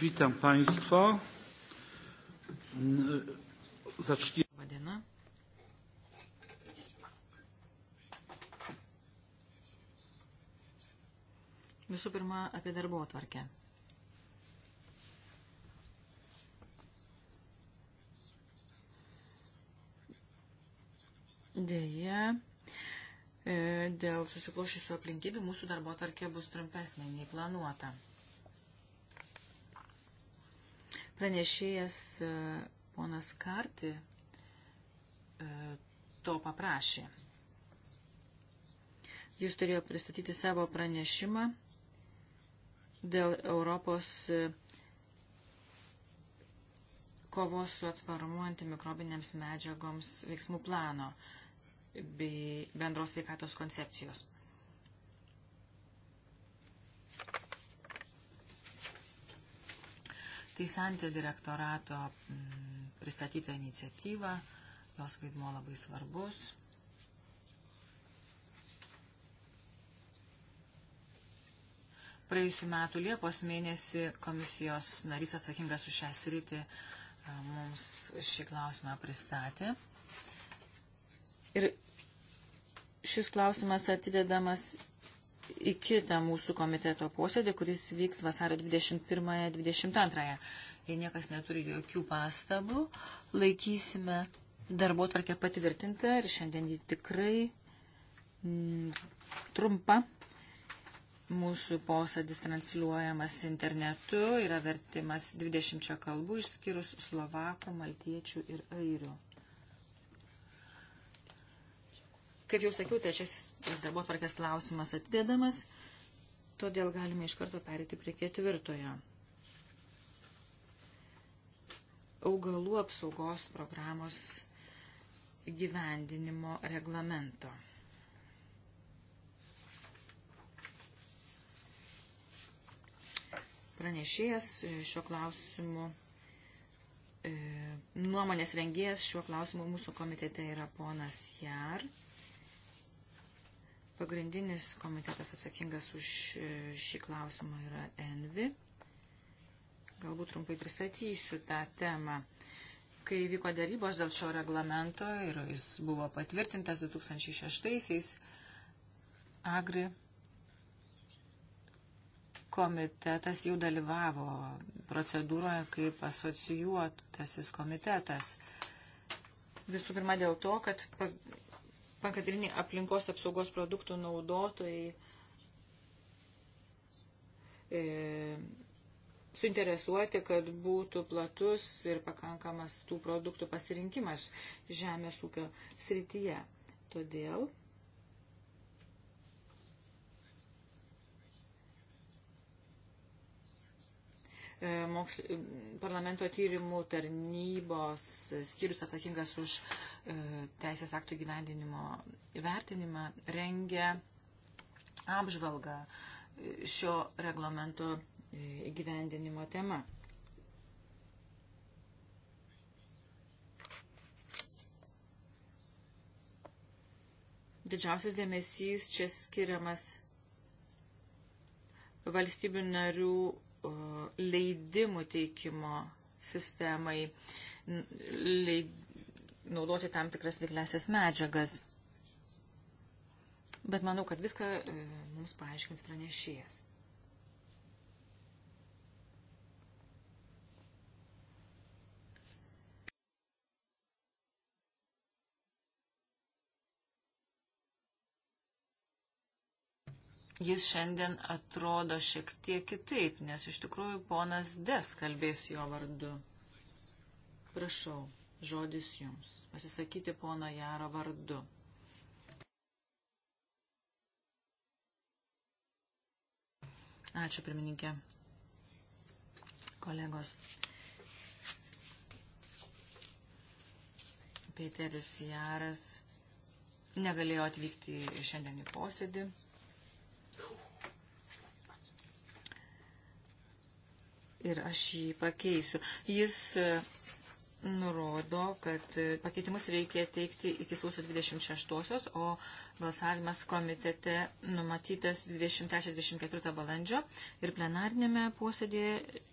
Witam Państwa. Zacznijmy. Diena. Visų pirma, apie darbo atvarkę. Deja, e, dėl susiklošysių aplinkybių mūsų darbo atvarkė bus trumpesnė nei planuota. Pranešėjas e, ponas Karti e, to paprašė. Jis turėjo pristatyti savo pranešimą dėl Europos e, kovos su atsparumu antimikrobinėms medžiagoms veiksmų plano bei bendros sveikatos koncepcijos. Tai santė direktorato mm, pristatyta iniciatyva, jos vaidmo labai svarbus. Praėjusiu metu Liepos mėnesį komisijos narys atsakingas už šią sritį mums šį klausimą pristatė. Ir šis klausimas atidedamas į kitą mūsų komiteto posėdį, kuris vyks vasario 21-22. Jei niekas neturi jokių pastabų, laikysime darbo tvarkę patvirtintą ir šiandien jį tikrai m, mm, trumpa. Mūsų posėdis transliuojamas internetu, yra vertimas 20 kalbų, išskyrus slovakų, maltiečių ir airių. Kaip jau sakiau, trečiasis darbo tvarkės klausimas atidedamas, todėl galime iš karto perėti prie ketvirtojo. Augalų apsaugos programos gyvendinimo reglamento. pranešėjas e, šiuo klausimu, e, nuomonės rengėjas šiuo klausimu mūsų komitete yra ponas Jar. Pagrindinis komitetas atsakingas už e, šį klausimą yra Envi. Galbūt trumpai pristatysiu tą temą. Kai vyko darybos dėl šio reglamento ir jis buvo patvirtintas 2006-aisiais, Agri komitetas jau dalyvavo procedūroje kaip asocijuotasis komitetas. Visų pirma dėl to, kad pankadrinį aplinkos apsaugos produktų naudotojai e, suinteresuoti, kad būtų platus ir pakankamas tų produktų pasirinkimas žemės ūkio srityje. Todėl E, moksl... parlamento tyrimų tarnybos skyrius atsakingas už e, teisės aktų gyvendinimo vertinimą rengia apžvalgą šio reglamento e, įgyvendinimo tema. Didžiausias dėmesys čia skiriamas valstybių narių leidimų teikimo sistemai leid, naudoti tam tikras veiklesias medžiagas. Bet manau, kad viską e, mums paaiškins pranešėjas. jis šiandien atrodo šiek tiek kitaip, nes iš tikrųjų ponas Des kalbės jo vardu. Prašau, žodis jums. Pasisakyti pono Jaro vardu. Ačiū, pirmininkė. Kolegos. Peteris Jaras negalėjo atvykti šiandien į posėdį. Ir aš jį pakeisiu. Jis e, nurodo, kad e, pakeitimus reikia teikti iki sausio 26-osios, o balsavimas komitete numatytas 23-24 balandžio ir plenarinėme posėdėje e,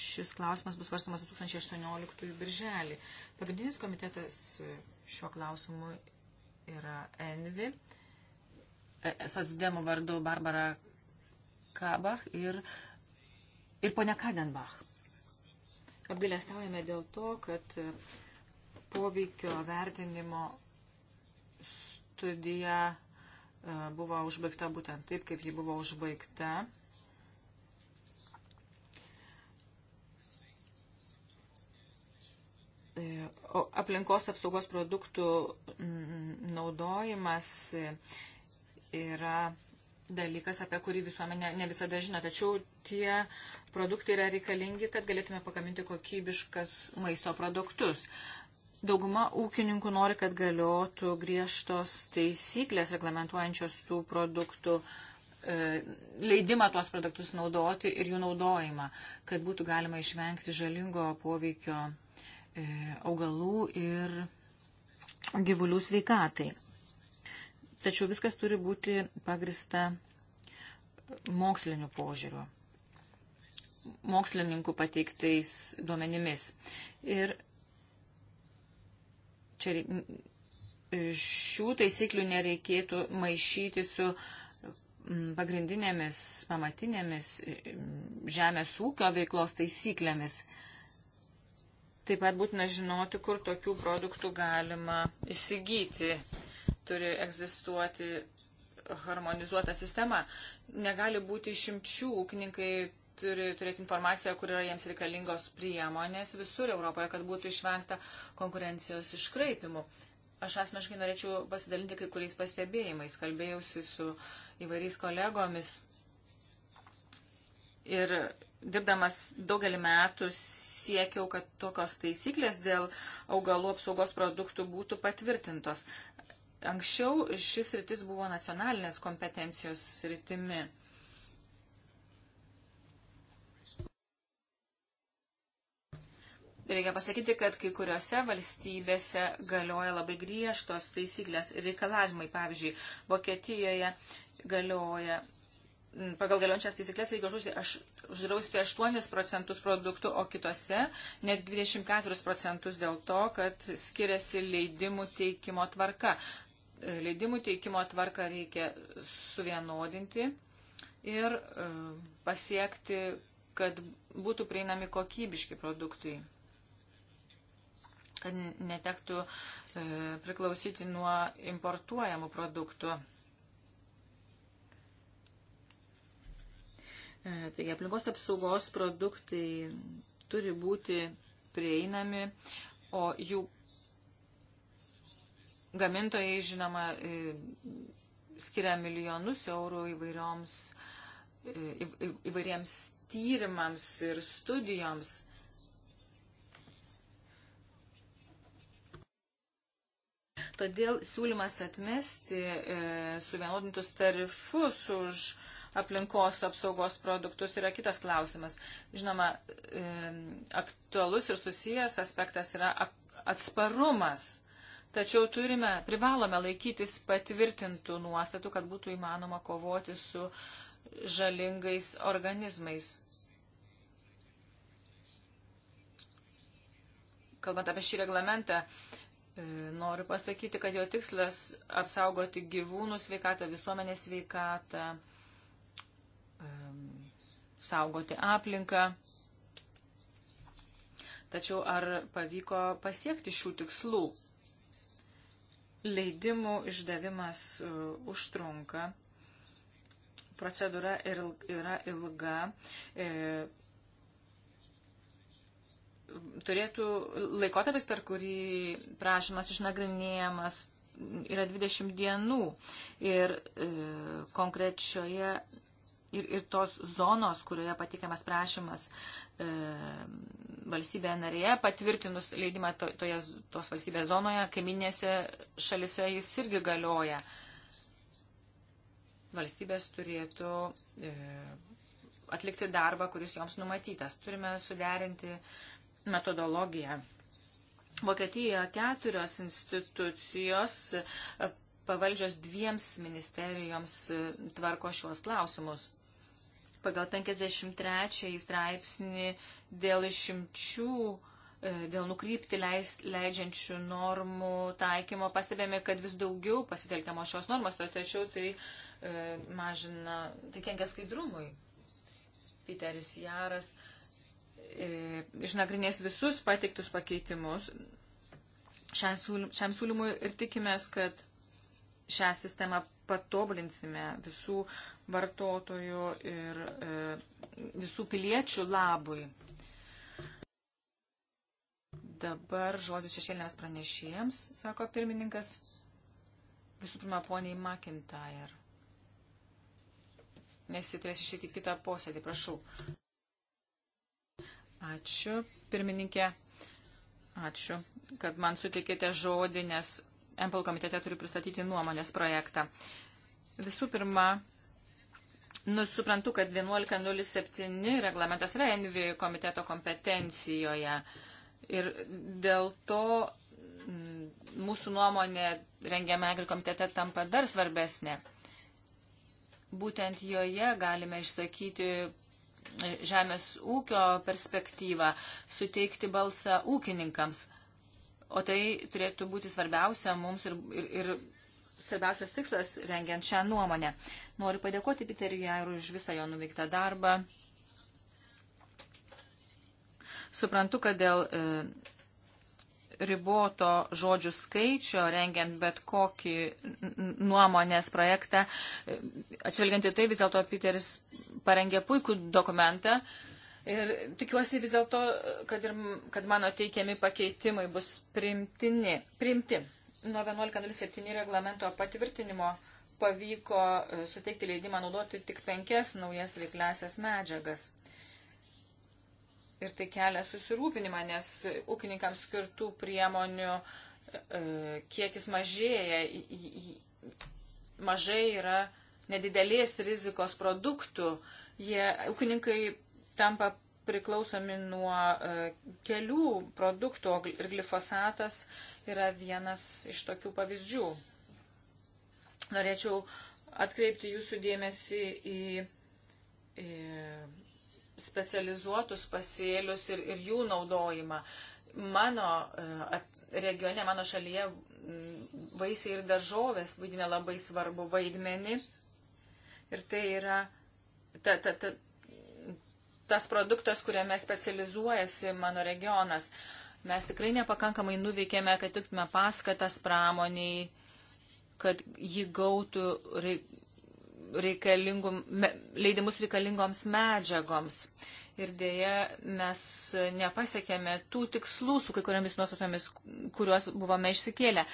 šis klausimas bus varstamas 2018 birželį. Pagrindinis komitetas šiuo klausimu yra ENVI socdemų vardu Barbara Kabach ir, ir ponia Kadenbach. Apgailestaujame dėl to, kad poveikio vertinimo studija e, buvo užbaigta būtent taip, kaip ji buvo užbaigta. E, o aplinkos apsaugos produktų naudojimas e, yra dalykas, apie kurį visuomenė ne visada žino, tačiau tie produktai yra reikalingi, kad galėtume pagaminti kokybiškas maisto produktus. Dauguma ūkininkų nori, kad galiotų griežtos taisyklės reglamentuojančios tų produktų e, leidimą tuos produktus naudoti ir jų naudojimą, kad būtų galima išvengti žalingo poveikio e, augalų ir gyvulių sveikatai. Tačiau viskas turi būti pagrista moksliniu požiūriu, mokslininkų pateiktais duomenimis. Ir čia šių taisyklių nereikėtų maišyti su mm, pagrindinėmis, pamatinėmis mm, žemės ūkio veiklos taisyklėmis. Taip pat būtina žinoti, kur tokių produktų galima įsigyti turi egzistuoti harmonizuota sistema. Negali būti išimčių, ūkininkai turi turėti informaciją, kur yra jiems reikalingos priemonės visur Europoje, kad būtų išvengta konkurencijos iškraipimų. Aš asmeniškai norėčiau pasidalinti kai kuriais pastebėjimais, kalbėjausi su įvairiais kolegomis ir dirbdamas daugelį metų siekiau, kad tokios taisyklės dėl augalų apsaugos produktų būtų patvirtintos. Anksčiau šis rytis buvo nacionalinės kompetencijos rytimi. Reikia pasakyti, kad kai kuriuose valstybėse galioja labai griežtos taisyklės ir reikalavimai. Pavyzdžiui, Vokietijoje galioja, pagal galiojančias taisyklės reikia uždrausti 8 procentus produktų, o kitose net 24 procentus dėl to, kad skiriasi leidimų teikimo tvarka leidimų teikimo tvarką reikia suvienodinti ir e, pasiekti, kad būtų prieinami kokybiški produktai, kad netektų e, priklausyti nuo importuojamų produktų. E, taigi aplinkos apsaugos produktai turi būti prieinami, o jų Gamintojai, žinoma, e, skiria milijonus eurų įvairioms, e, į, į, įvairiems tyrimams ir studijoms. Todėl siūlymas atmesti e, suvienodintus tarifus už aplinkos apsaugos produktus yra kitas klausimas. Žinoma, e, aktualus ir susijęs aspektas yra ap, atsparumas Tačiau turime, privalome laikytis patvirtintų nuostatų, kad būtų įmanoma kovoti su žalingais organizmais. Kalbant apie šį reglamentą, e, noriu pasakyti, kad jo tikslas apsaugoti gyvūnų sveikatą, visuomenės sveikatą, e, saugoti aplinką. Tačiau ar pavyko pasiekti šių tikslų? leidimų išdavimas e, užtrunka, procedūra yra ilga. E, turėtų laikotarpis, per kurį prašymas išnagrinėjamas, yra 20 dienų ir e, konkrečioje ir, ir tos zonos, kurioje patikiamas prašymas e, valstybėje narėje, patvirtinus leidimą to, toje, tos valstybės zonoje, kaiminėse šalise jis irgi galioja. Valstybės turėtų e, atlikti darbą, kuris joms numatytas. Turime suderinti metodologiją. Vokietijoje keturios institucijos e, pavaldžios dviems ministerijoms e, tvarko šiuos klausimus pagal 53 straipsnį dėl išimčių, e, dėl nukrypti leis, leidžiančių normų taikymo pastebėjome, kad vis daugiau pasitelkiamo šios normos, tačiau tai e, mažina, tai kenkia skaidrumui. Piteris Jaras e, išnagrinės visus pateiktus pakeitimus šiam siūlymui ir tikimės, kad šią sistemą patobulinsime visų vartotojų ir e, visų piliečių labui. Dabar žodis šešėlėms pranešėjams, sako pirmininkas. Visų pirma, poniai McIntyre. Nes jis turės išėti kitą posėdį, prašau. Ačiū, pirmininkė. Ačiū, kad man sutikėte žodį, nes MPL komitete turiu pristatyti nuomonės projektą. Visų pirma, nu, suprantu, kad 11.07 reglamentas yra Envi komiteto kompetencijoje ir dėl to mm, mūsų nuomonė rengiame Agri komitete tampa dar svarbesnė. Būtent joje galime išsakyti e, žemės ūkio perspektyvą, suteikti balsą ūkininkams. O tai turėtų būti svarbiausia mums ir, ir, ir svarbiausias tikslas rengiant šią nuomonę. Noriu padėkoti Piteriu Jairui už visą jo nuveiktą darbą. Suprantu, kad dėl e, riboto žodžių skaičio, rengiant bet kokį nuomonės projektą. E, Atšvelgiant į tai, vis dėlto Piteris parengė puikų dokumentą. Ir tikiuosi vis dėlto, kad, ir, kad mano teikiami pakeitimai bus primtini, primti nuo 11.07 reglamento patvirtinimo pavyko e, suteikti leidimą naudoti tik penkias naujas veikliasias medžiagas. Ir tai kelia susirūpinimą, nes ūkininkams skirtų priemonių e, kiekis mažėja, mažai yra nedidelės rizikos produktų. Jie, ūkininkai tampa priklausomi nuo e, kelių produktų ir glifosatas yra vienas iš tokių pavyzdžių. Norėčiau atkreipti jūsų dėmesį į, į specializuotus pasėlius ir, ir jų naudojimą. Mano e, regione, mano šalyje vaisiai ir daržovės vaidina labai svarbu vaidmenį. Ir tai yra ta, ta, ta, tas produktas, kuriame specializuojasi mano regionas. Uh, Mes tikrai nepakankamai nuveikėme, kad tiktume paskatas pramoniai, kad ji gautų reikalingų, leidimus reikalingoms medžiagoms. Ir dėja, mes nepasiekėme tų tikslų su kai kuriamis nuostatomis, kuriuos buvome išsikėlę.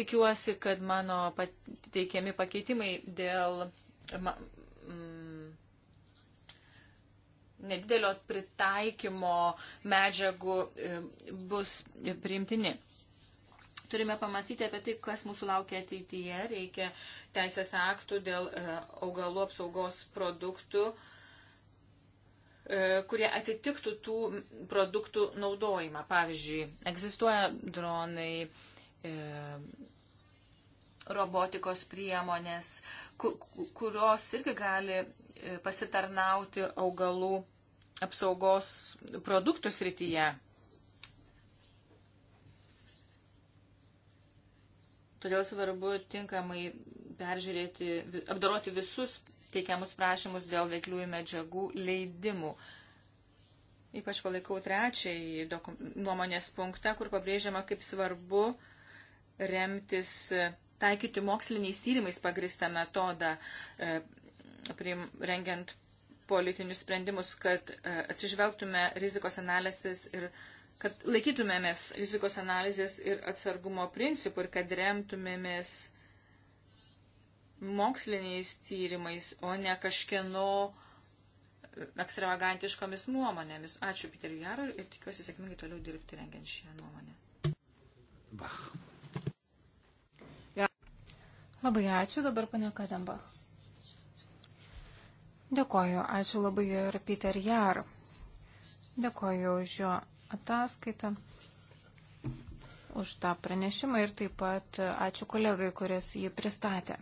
Tikiuosi, kad mano pateikiami pakeitimai dėl nedidelio pritaikymo medžiagų e, bus priimtini. Turime pamastyti apie tai, kas mūsų laukia ateityje. Reikia teisės aktų dėl e, augalų apsaugos produktų, e, kurie atitiktų tų produktų naudojimą. Pavyzdžiui, egzistuoja dronai, robotikos priemonės, kurios irgi gali e, pasitarnauti augalų apsaugos produktų srityje. Todėl svarbu tinkamai peržiūrėti, apdoroti visus teikiamus prašymus dėl veikliųjų medžiagų leidimų. Ypač palaikau trečiąjį nuomonės punktą, kur pabrėžiama, kaip svarbu remtis taikyti moksliniais tyrimais pagristą metodą, e, prim, rengiant politinius sprendimus, kad e, atsižvelgtume rizikos analizės ir kad laikytumėmės rizikos analizės ir atsargumo principų ir kad remtumėmės moksliniais tyrimais, o ne kažkieno e, ekstravagantiškomis nuomonėmis. Ačiū Piteriu Jarui ir tikiuosi sėkmingai toliau dirbti rengiant šią nuomonę. Bach. Labai ačiū, dabar pane Kadambach. Dėkoju, ačiū labai ir Peter Jar. Dėkoju už jo ataskaitą, už tą pranešimą ir taip pat ačiū kolegai, kuris jį pristatė.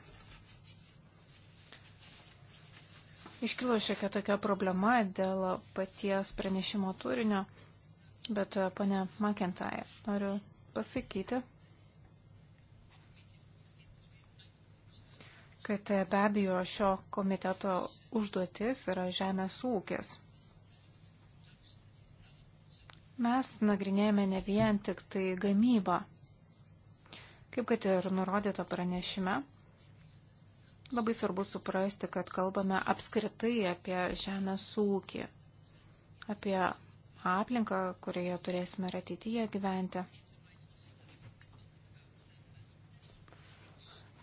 Iškilo šiokia tokia problema dėl paties pranešimo turinio, bet pane McIntyre, noriu pasakyti, kad be abejo šio komiteto užduotis yra žemės ūkis. Mes nagrinėjame ne vien tik tai gamybą. Kaip kad ir nurodyta pranešime, labai svarbu suprasti, kad kalbame apskritai apie žemės ūkį, apie aplinką, kurioje turėsime ir ateityje gyventi.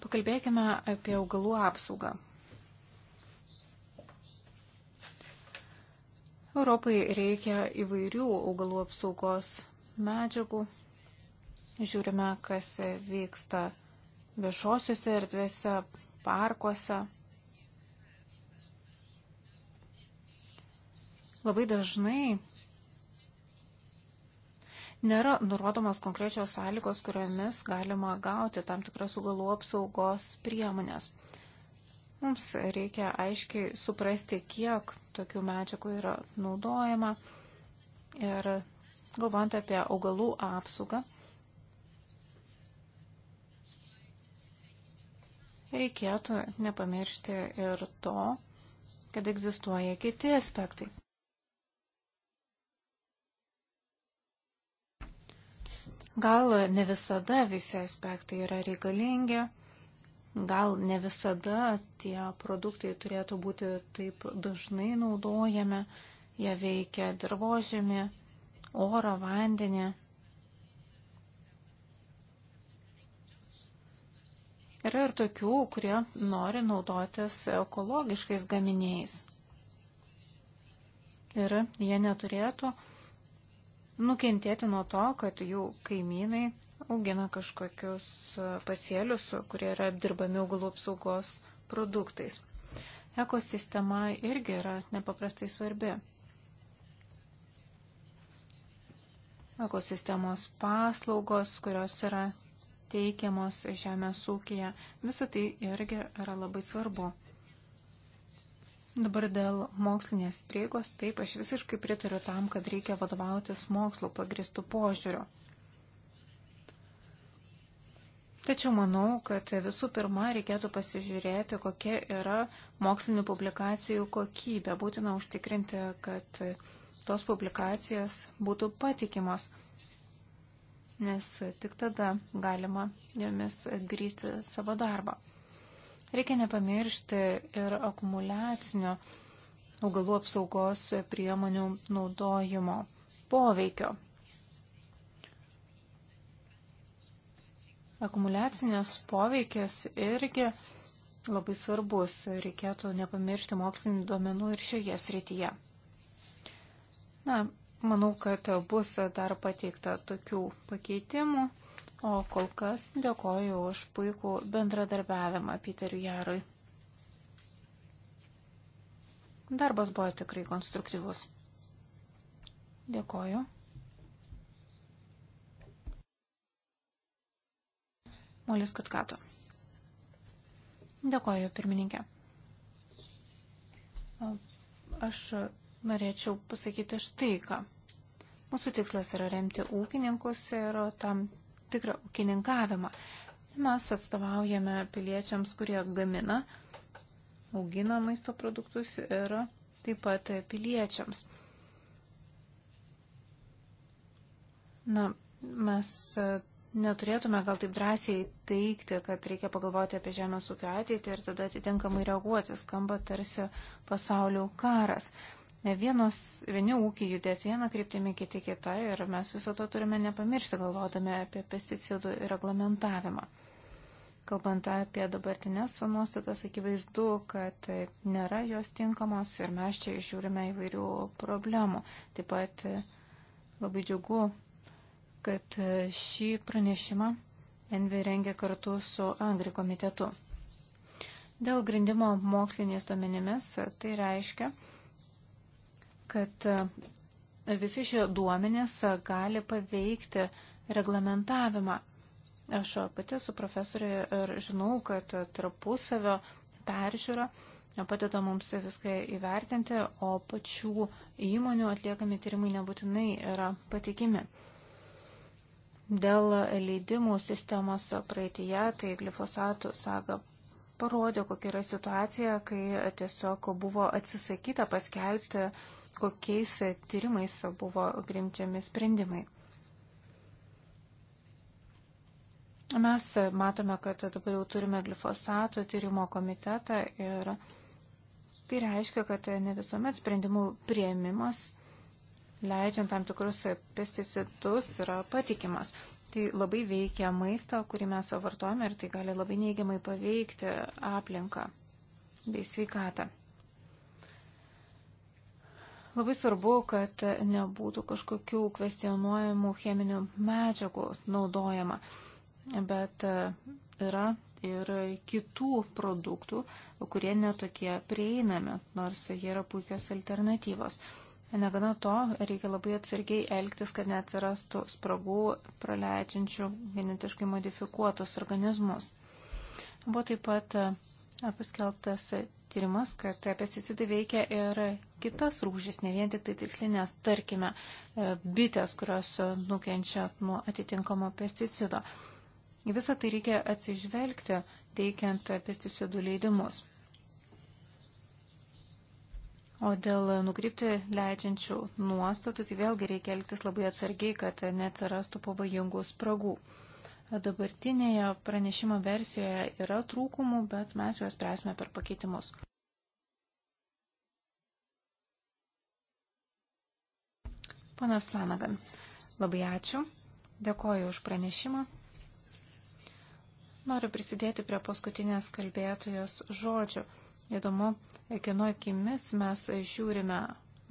Pakalbėkime apie augalų apsaugą. Europai reikia įvairių augalų apsaugos medžiagų. Žiūrime, kas vyksta viešosiuose erdvėse, parkuose. Labai dažnai nėra nurodomos konkrečios sąlygos, kuriomis galima gauti tam tikras augalų apsaugos priemonės. Mums reikia aiškiai suprasti, kiek tokių medžiagų yra naudojama ir galvojant apie augalų apsaugą. reikėtų nepamiršti ir to, kad egzistuoja kiti aspektai. Gal ne visada visi aspektai yra reikalingi, gal ne visada tie produktai turėtų būti taip dažnai naudojami, jie veikia dirbožėmi, orą, vandenį. Yra ir tokių, kurie nori naudotis ekologiškais gaminiais. Ir jie neturėtų nukentėti nuo to, kad jų kaimynai augina kažkokius e, pasėlius, kurie yra apdirbami augalų apsaugos produktais. Ekosistema irgi yra nepaprastai svarbi. Ekosistemos paslaugos, kurios yra teikiamos žemės ūkija, visą tai irgi yra labai svarbu. Dabar dėl mokslinės prieigos, taip, aš visiškai pritariu tam, kad reikia vadovautis mokslo pagristų požiūrių. Tačiau manau, kad visų pirma reikėtų pasižiūrėti, kokia yra mokslinių publikacijų kokybė. Būtina užtikrinti, kad tos publikacijos būtų patikimos, nes tik tada galima jomis grįsti savo darbą. Reikia nepamiršti ir akumuliacinio augalų apsaugos priemonių naudojimo poveikio. Akumuliacinės poveikis irgi labai svarbus. Reikėtų nepamiršti mokslinių duomenų ir šioje srityje. Na, manau, kad bus dar pateikta tokių pakeitimų. O kol kas dėkoju už puikų bendradarbiavimą Piteriu Jarui. Darbas buvo tikrai konstruktyvus. Dėkoju. Molis Katkato. Dėkoju, pirmininkė. Aš norėčiau pasakyti štai ką. Mūsų tikslas yra remti ūkininkus ir tam tikrą ūkininkavimą. Mes atstovaujame piliečiams, kurie gamina, augina maisto produktus ir taip pat piliečiams. Na, mes neturėtume gal taip drąsiai teikti, kad reikia pagalvoti apie žemės ūkio ateitį ir tada atitinkamai reaguoti, skamba tarsi pasaulio karas. Vienos, vieni ūkiai judės vieną kryptimį, kiti kitą ir mes viso to turime nepamiršti, galvodami apie pesticidų reglamentavimą. Kalbant apie dabartinės nuostatas, akivaizdu, kad nėra jos tinkamos ir mes čia išžiūrime įvairių problemų. Taip pat labai džiugu, kad šį pranešimą Envi rengia kartu su Angri komitetu. Dėl grindimo moksliniais duomenimis tai reiškia, kad e, visi šie duomenys e, gali paveikti reglamentavimą. Aš pati su profesoriu ir žinau, kad tarpusavio peržiūra padeda mums viską įvertinti, o pačių įmonių atliekami tyrimai nebūtinai yra patikimi. Dėl leidimų sistemos praeitie, tai glifosatų saga parodė, kokia yra situacija, kai tiesiog buvo atsisakyta paskelbti, kokiais tyrimais buvo grimčiami sprendimai. Mes matome, kad dabar jau turime glifosato tyrimo komitetą ir tai reiškia, kad ne visuomet sprendimų prieimimas leidžiant tam tikrus pesticidus yra patikimas. Tai labai veikia maistą, kurį mes vartojame ir tai gali labai neigiamai paveikti aplinką bei sveikatą. Labai svarbu, kad nebūtų kažkokių kvestionuojamų cheminių medžiagų naudojama, bet yra ir kitų produktų, kurie netokie prieinami, nors jie yra puikios alternatyvos. Negana to, reikia labai atsargiai elgtis, kad neatsirastų spragų praleidžiančių genetiškai modifikuotus organizmus. Buvo taip pat e, paskelbtas tyrimas, kad pesticidai veikia ir kitas rūšis, ne vien tik tai tikslinės, tarkime, e, bitės, kurios nukenčia nuo atitinkamo pesticido. Visą tai reikia atsižvelgti, teikiant pesticidų leidimus. O dėl nukrypti leidžiančių nuostatų, tai vėlgi reikia elgtis labai atsargiai, kad neatsirastų pavojingų spragų. Dabartinėje pranešimo versijoje yra trūkumų, bet mes juos presime per pakeitimus. Panas Lanagan, labai ačiū. Dėkoju už pranešimą. Noriu prisidėti prie paskutinės kalbėtojos žodžių. Įdomu, kieno akimis mes žiūrime.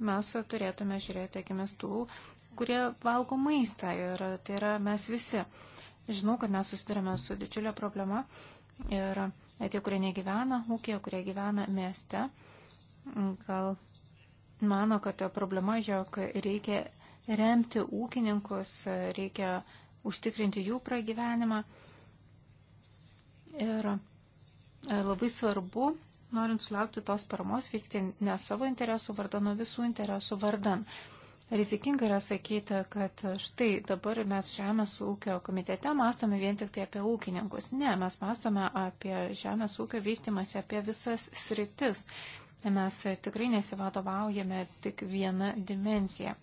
Mes turėtume žiūrėti akimis tų, kurie valgo maistą ir tai yra mes visi. Žinau, kad mes susidurime su didžiulė problema ir tie, kurie negyvena ūkėje, kurie gyvena mieste, gal mano, kad problema, jog reikia remti ūkininkus, reikia užtikrinti jų pragyvenimą. Ir e, labai svarbu norint sulaukti tos paramos, veikti ne savo interesų vardan, o visų interesų vardan. Rizikinga yra sakyti, kad štai dabar mes Žemės ūkio komitete mastome vien tik tai apie ūkininkus. Ne, mes mastome apie Žemės ūkio vystimąsi, apie visas sritis. Mes tikrai nesivadovaujame tik vieną dimenciją.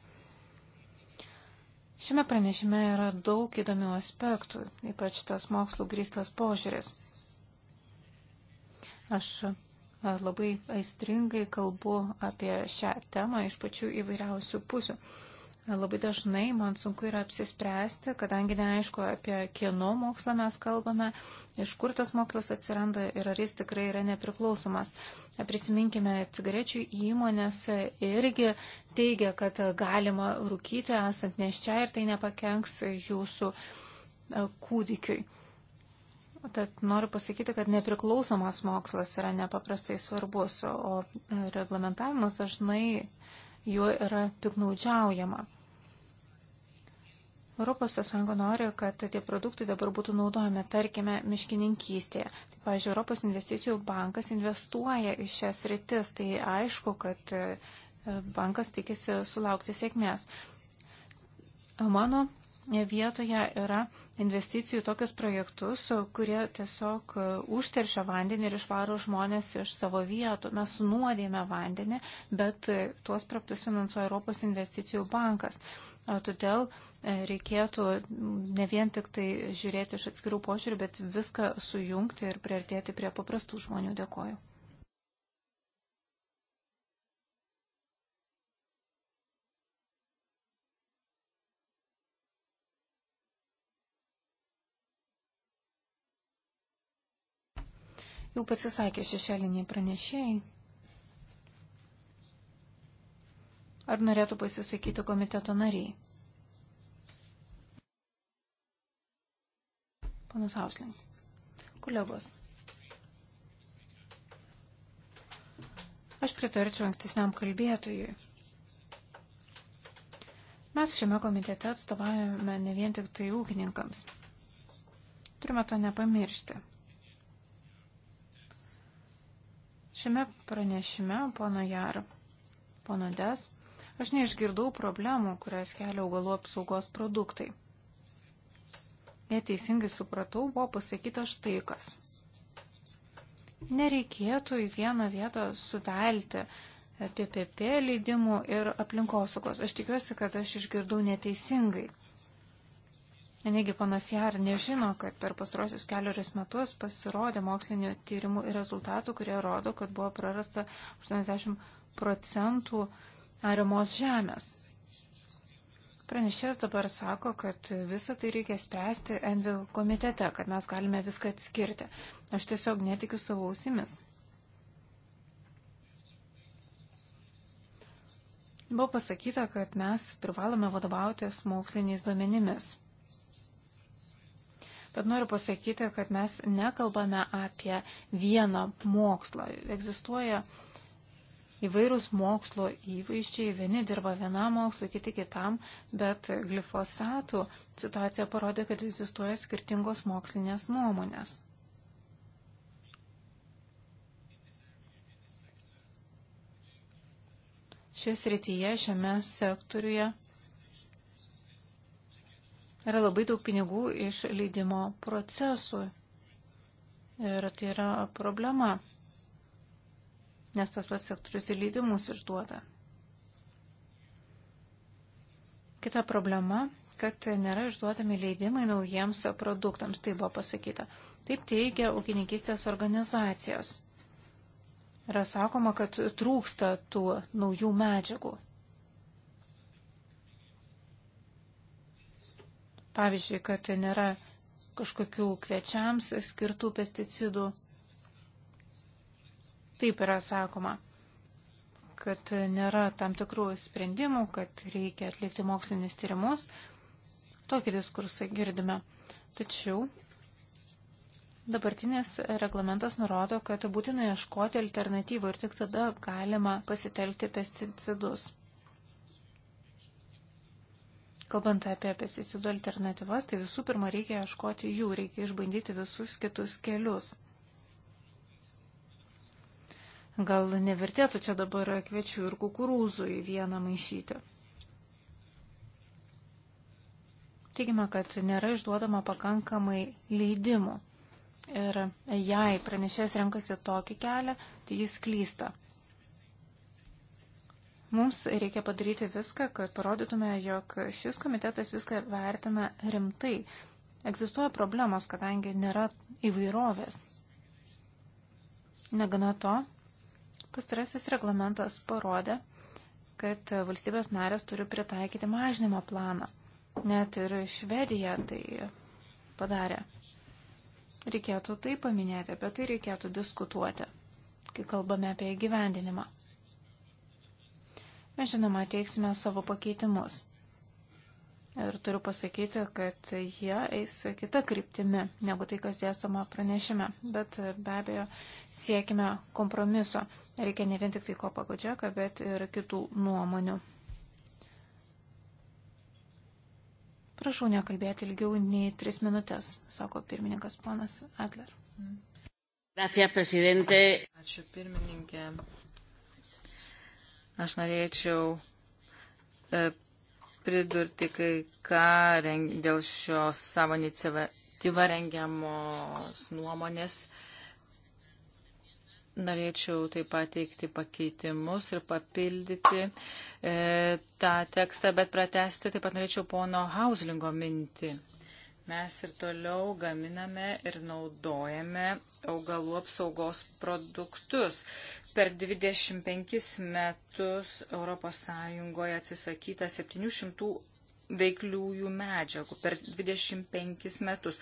Šiame pranešime yra daug įdomių aspektų, ypač tas mokslų grįstas požiūris. Aš labai aistringai kalbu apie šią temą iš pačių įvairiausių pusių. Labai dažnai man sunku yra apsispręsti, kadangi neaišku, apie kieno mokslą mes kalbame, iš kur tas mokslas atsiranda ir ar jis tikrai yra nepriklausomas. Prisiminkime, cigarečių įmonės irgi teigia, kad galima rūkyti esant neščia ir tai nepakenks jūsų kūdikiui. Tad noriu pasakyti, kad nepriklausomas mokslas yra nepaprastai svarbus, o e, reglamentavimas dažnai juo yra piknaudžiaujama. Europos Sąjunga nori, kad tie produktai dabar būtų naudojami, tarkime, miškininkystėje. Tai, pavyzdžiui, Europos investicijų bankas investuoja į šias rytis, tai aišku, kad e, bankas tikisi sulaukti sėkmės. Mano vietoje yra investicijų tokius projektus, kurie tiesiog e, užteršia vandenį ir išvaro žmonės iš savo vietų. Mes nuodėme vandenį, bet e, tuos projektus finansuoja Europos investicijų bankas. Todėl e, reikėtų ne vien tik tai žiūrėti iš atskirų požiūrių, bet viską sujungti ir priartėti prie paprastų žmonių. Dėkoju. Jau pasisakė šešėliniai pranešėjai. Ar norėtų pasisakyti komiteto nariai? Panas Ausling. Kolegos. Aš pritarčiau ankstesniam kalbėtojui. Mes šiame komitete atstovaujame ne vien tik tai ūkininkams. Turime to nepamiršti. Šiame pranešime, pono Jar, pono Des, aš neišgirdau problemų, kurias kelia augalų apsaugos produktai. Neteisingai supratau, buvo pasakyta štai kas. Nereikėtų į vieną vietą suvelti PPP leidimų ir aplinkosaugos. Aš tikiuosi, kad aš išgirdau neteisingai. Negi panas Jar nežino, kad per pastarosius keliarius metus pasirodė mokslinio tyrimų rezultatų, kurie rodo, kad buvo prarasta 80 procentų ariamos žemės. Pranešės dabar sako, kad visą tai reikia spręsti NV komitete, kad mes galime viską atskirti. Aš tiesiog netikiu savo ausimis. Buvo pasakyta, kad mes privalome vadovautis moksliniais duomenimis. Bet noriu pasakyti, kad mes nekalbame apie vieną mokslą. Egzistuoja įvairūs mokslo įvaizdžiai, vieni dirba vienam mokslu, kiti kitam, bet glifosatų situacija parodė, kad egzistuoja skirtingos mokslinės nuomonės. Šioje srityje, šiame sektoriuje yra labai daug pinigų iš leidimo procesų. Ir tai yra problema, nes tas pats sektorius ir leidimus išduoda. Kita problema, kad nėra išduodami leidimai naujiems produktams, tai buvo pasakyta. Taip teigia ūkininkistės organizacijos. Yra sakoma, kad trūksta tų naujų medžiagų, Pavyzdžiui, kad nėra kažkokių kviečiams skirtų pesticidų. Taip yra sakoma, kad nėra tam tikrų sprendimų, kad reikia atlikti mokslinis tyrimus. Tokį diskursą girdime. Tačiau dabartinės reglamentas nurodo, kad būtina ieškoti alternatyvų ir tik tada galima pasitelkti pesticidus. Kalbant apie pesticidų alternatyvas, tai visų pirma reikia ieškoti jų, reikia išbandyti visus kitus kelius. Gal nevertėtų čia dabar kviečių ir kukurūzų į vieną maišyti. Tikime, kad nėra išduodama pakankamai leidimų. Ir jei pranešės renkasi tokį kelią, tai jis klysta. Mums reikia padaryti viską, kad parodytume, jog šis komitetas viską vertina rimtai. Egzistuoja problemos, kadangi nėra įvairovės. Negana to, pastarasis reglamentas parodė, kad valstybės narės turi pritaikyti mažinimo planą. Net ir Švedija tai padarė. Reikėtų tai paminėti, apie tai reikėtų diskutuoti, kai kalbame apie įgyvendinimą. Mes žinoma teiksime savo pakeitimus. Ir turiu pasakyti, kad jie eis kita kryptimi negu tai, kas dėstoma pranešime. Bet be abejo, siekime kompromiso. Reikia ne vien tik tai ko pagodžiaka, bet ir kitų nuomonių. Prašau nekalbėti ilgiau nei tris minutės, sako pirmininkas ponas Adler. Gracias, presidente. Ačiū pirmininkė. Aš norėčiau e, pridurti kai ką reng, dėl šios savo iniciatyva rengiamos nuomonės. Norėčiau taip pat teikti pakeitimus ir papildyti e, tą tekstą, bet pratesti taip pat norėčiau pono Hauslingo mintį. Mes ir toliau gaminame ir naudojame augalų apsaugos produktus per 25 metus ES atsisakyta 700 veikliųjų medžiagų per 25 metus.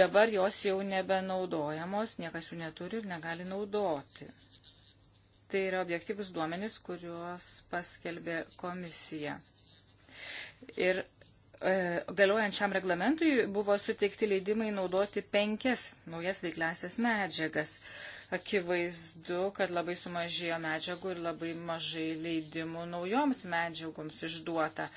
Dabar jos jau nebenaudojamos, niekas jų neturi ir negali naudoti. Tai yra objektyvus duomenys, kuriuos paskelbė komisija. Ir Vėliojant e, šiam reglamentui buvo suteikti leidimai naudoti penkias naujas veikliasias medžiagas. Akivaizdu, kad labai sumažėjo medžiagų ir labai mažai leidimų naujoms medžiagoms išduota.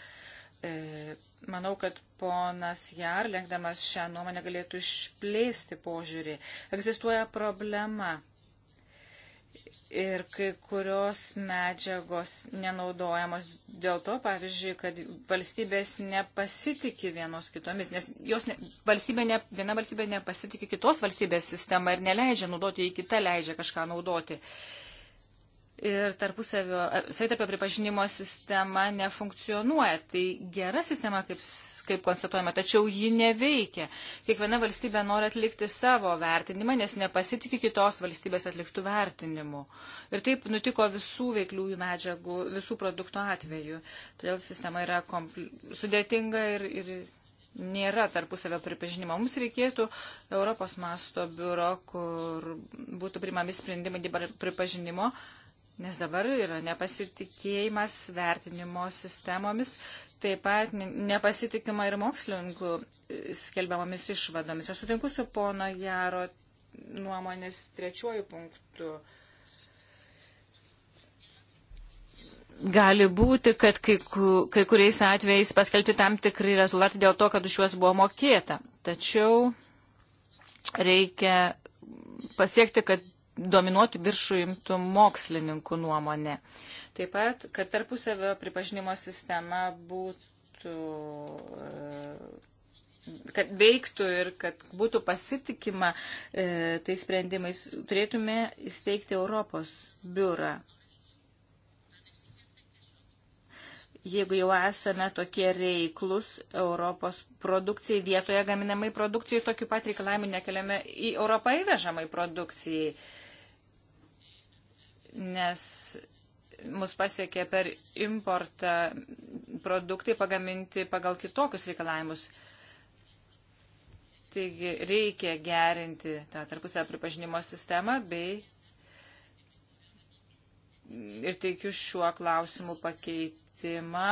E, manau, kad ponas Jar, lenkdamas šią nuomonę, galėtų išplėsti požiūrį. Egzistuoja problema ir kai kurios medžiagos nenaudojamos dėl to, pavyzdžiui, kad valstybės nepasitikė vienos kitomis, nes jos ne, valstybė ne, viena valstybė nepasitikė kitos valstybės sistemą ir neleidžia naudoti, į kitą leidžia kažką naudoti. Uh, ir tarpusavio saitapio pripažinimo sistema nefunkcionuoja. Tai gera sistema, kaip, kaip konstatuojama, tačiau ji neveikia. Kiekviena valstybė nori atlikti savo vertinimą, nes nepasitikė kitos valstybės atliktų vertinimų. Ir taip nutiko visų veikliųjų medžiagų, visų produktų atveju. Todėl sistema yra kompl... sudėtinga ir. ir nėra tarpusavio pripažinimo. Mums reikėtų Europos masto biuro, kur būtų primami sprendimai dėl pripažinimo, Nes dabar yra nepasitikėjimas vertinimo sistemomis, taip pat nepasitikima ir mokslininkų e, skelbiamomis išvadomis. Aš sutinku su pono Jaro nuomonės trečiuoju punktu. Gali būti, kad kai, kai kuriais atvejais paskelbti tam tikri rezultatai dėl to, kad už juos buvo mokėta. Tačiau reikia pasiekti, kad dominuotų viršuimtų mokslininkų nuomonė. Taip pat, kad tarpusavio pripažinimo sistema būtų, e, kad veiktų ir kad būtų pasitikima e, tai sprendimais, turėtume įsteigti Europos biurą. Jeigu jau esame tokie reiklus Europos produkcijai, vietoje gaminamai produkcijai, tokiu pat reikalavimu nekeliame į Europą įvežamai produkcijai. E, nes mus pasiekė per importą produktai pagaminti pagal kitokius reikalavimus. Taigi reikia gerinti tą tarpusę pripažinimo sistemą bei ir teikiu šiuo klausimu pakeitimą.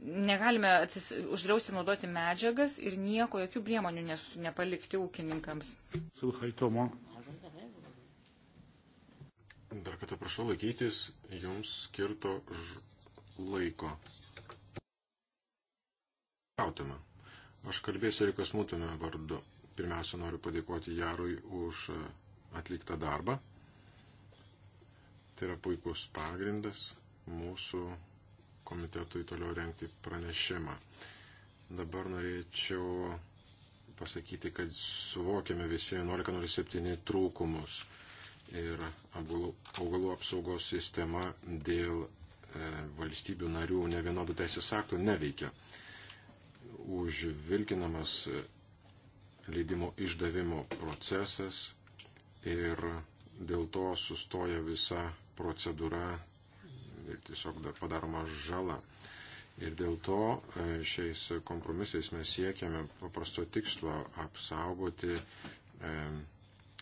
Negalime atsis, uždrausti naudoti medžiagas ir nieko, jokių priemonių nes, nepalikti ūkininkams. Sulhaitomo. Dar kartą prašau laikytis jums skirto ž... laiko. Kautama. Aš kalbėsiu Erikos Mutame vardu. Pirmiausia, noriu padėkoti Jarui už e, atliktą darbą. Tai yra puikus pagrindas mūsų komitetui toliau renkti pranešimą. Dabar norėčiau pasakyti, kad suvokiame visi 11.07 trūkumus ir augalų, augalų apsaugos sistema dėl e, valstybių narių nevienodų teisės aktų neveikia. Užvilkinamas e, leidimo išdavimo procesas ir dėl to sustoja visa procedūra ir tiesiog padaroma žala. Ir dėl to e, šiais kompromisais mes siekiame paprasto tikslo apsaugoti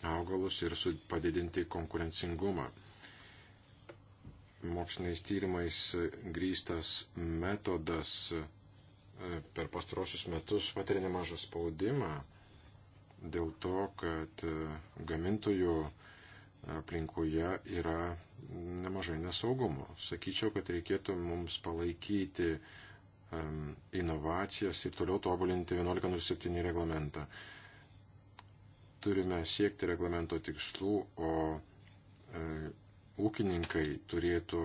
augalus ir padidinti konkurencingumą. Moksliniais tyrimais grįstas metodas e, per pastarosius metus patiria nemažą spaudimą dėl to, kad e, gamintojų aplinkoje yra nemažai nesaugumo. Sakyčiau, kad reikėtų mums palaikyti inovacijas ir toliau tobulinti 1107 reglamentą turime siekti reglamento tikslų, o e, ūkininkai turėtų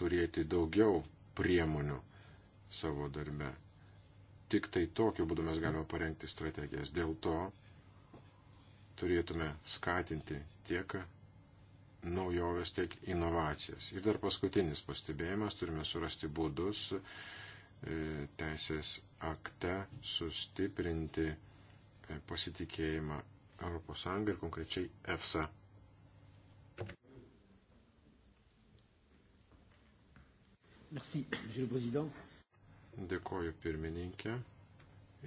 turėti daugiau priemonių savo darbe. Tik tai tokiu būdu mes galime parengti strategijas. Dėl to turėtume skatinti tiek naujoves, tiek inovacijas. Ir dar paskutinis pastebėjimas, turime surasti būdus e, teisės akte sustiprinti e, pasitikėjimą ES ir konkrečiai EFSA. Merci, Dėkoju pirmininkė